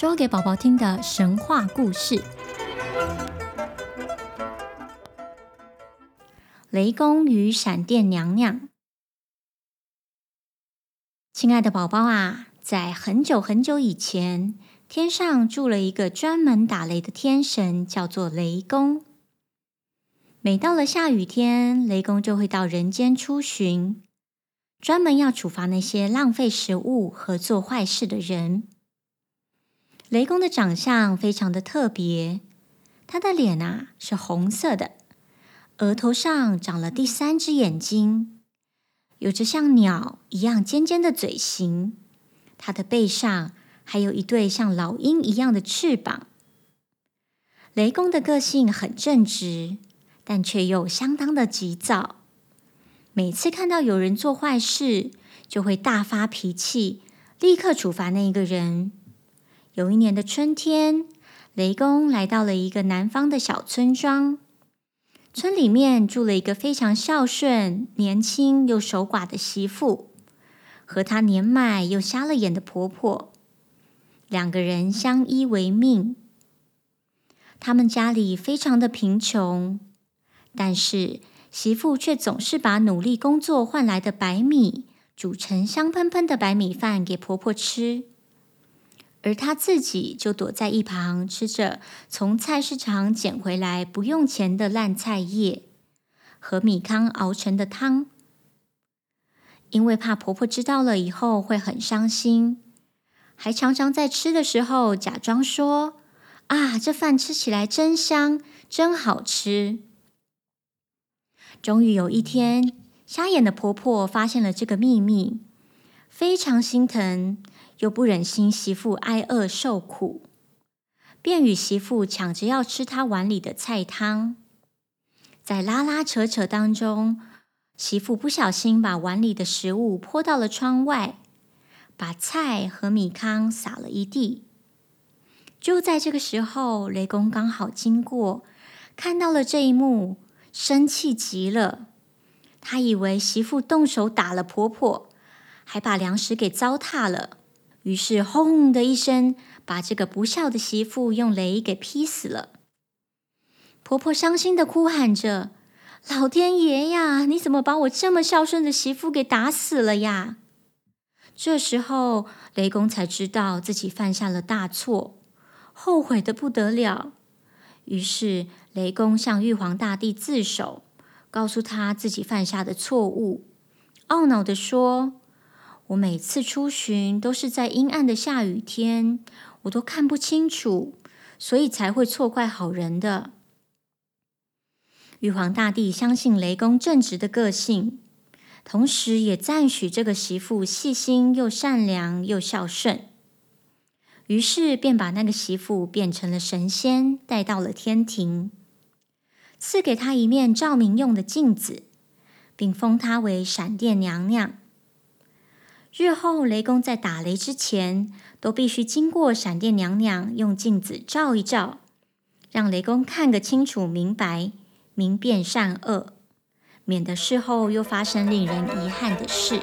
說給寶寶聽的神話故事：雷公與閃電娘娘。親愛的寶寶啊，在很久很久以前，天上住了一個專門打雷的天神，叫做雷公。每到了下雨天，雷公就會到人間出巡，專門要處罰那些浪費食物和做壞事的人。雷公的長相非常的特別，他的臉啊是紅色的，額頭上長了第三隻眼睛，有着像鳥一樣尖尖的嘴型，他的背上還有一對像老鷹一樣的翅膀。雷公的個性很正直，但卻又相當的急躁，每次看到有人做壞事，就會大發脾氣，立刻處罰那一個人。有一年的春天，雷公來到了一個南方的小村莊。村裡面住了一個非常孝順、年輕又守寡的媳婦，和她年邁又瞎了眼的婆婆，兩個人相依為命。他們家裡非常的貧窮，但是媳婦卻總是把努力工作換來的白米煮成香噴噴的白米飯給婆婆吃。而她自己就躲在一旁，吃着從菜市場撿回來不用錢的爛菜葉和米糠熬成的湯，因為怕婆婆知道了以後會很傷心，還常常在吃的時候假裝說：“啊，這飯吃起來真香，真好吃。”終於有一天，瞎眼的婆婆發現了這個秘密，非常心疼。又不忍心媳婦挨餓受苦，便與媳婦搶着要吃她碗裡的菜湯。在拉拉扯扯當中，媳婦不小心把碗裡的食物潑到了窗外，把菜和米糠撒了一地。就在這個時候，雷公剛好經過，看到了這一幕，生氣極了。他以為媳婦動手打了婆婆，還把糧食給糟蹋了。於是，轟的一聲，把這個不孝的媳婦用雷給劈死了。婆婆傷心的哭喊着：“老天爺呀，你怎麼把我這麼孝順的媳婦給打死了呀？”這時候，雷公才知道自己犯下了大錯，後悔得不得了。於是，雷公向玉皇大帝自首，告訴他自己犯下的錯誤，懊惱的說。我每次出巡都是在陰暗的下雨天，我都看不清楚，所以才會錯怪好人的。的玉皇大帝相信雷公正直的個性，同時也贊許這個媳婦細心又善良又孝順，於是便把那個媳婦變成了神仙，帶到了天庭，賜給她一面照明用的鏡子，並封她為閃電娘娘。日後，雷公在打雷之前，都必須經過閃電娘娘用鏡子照一照，讓雷公看個清楚明白，明辨善惡，免得事後又發生令人遺憾的事。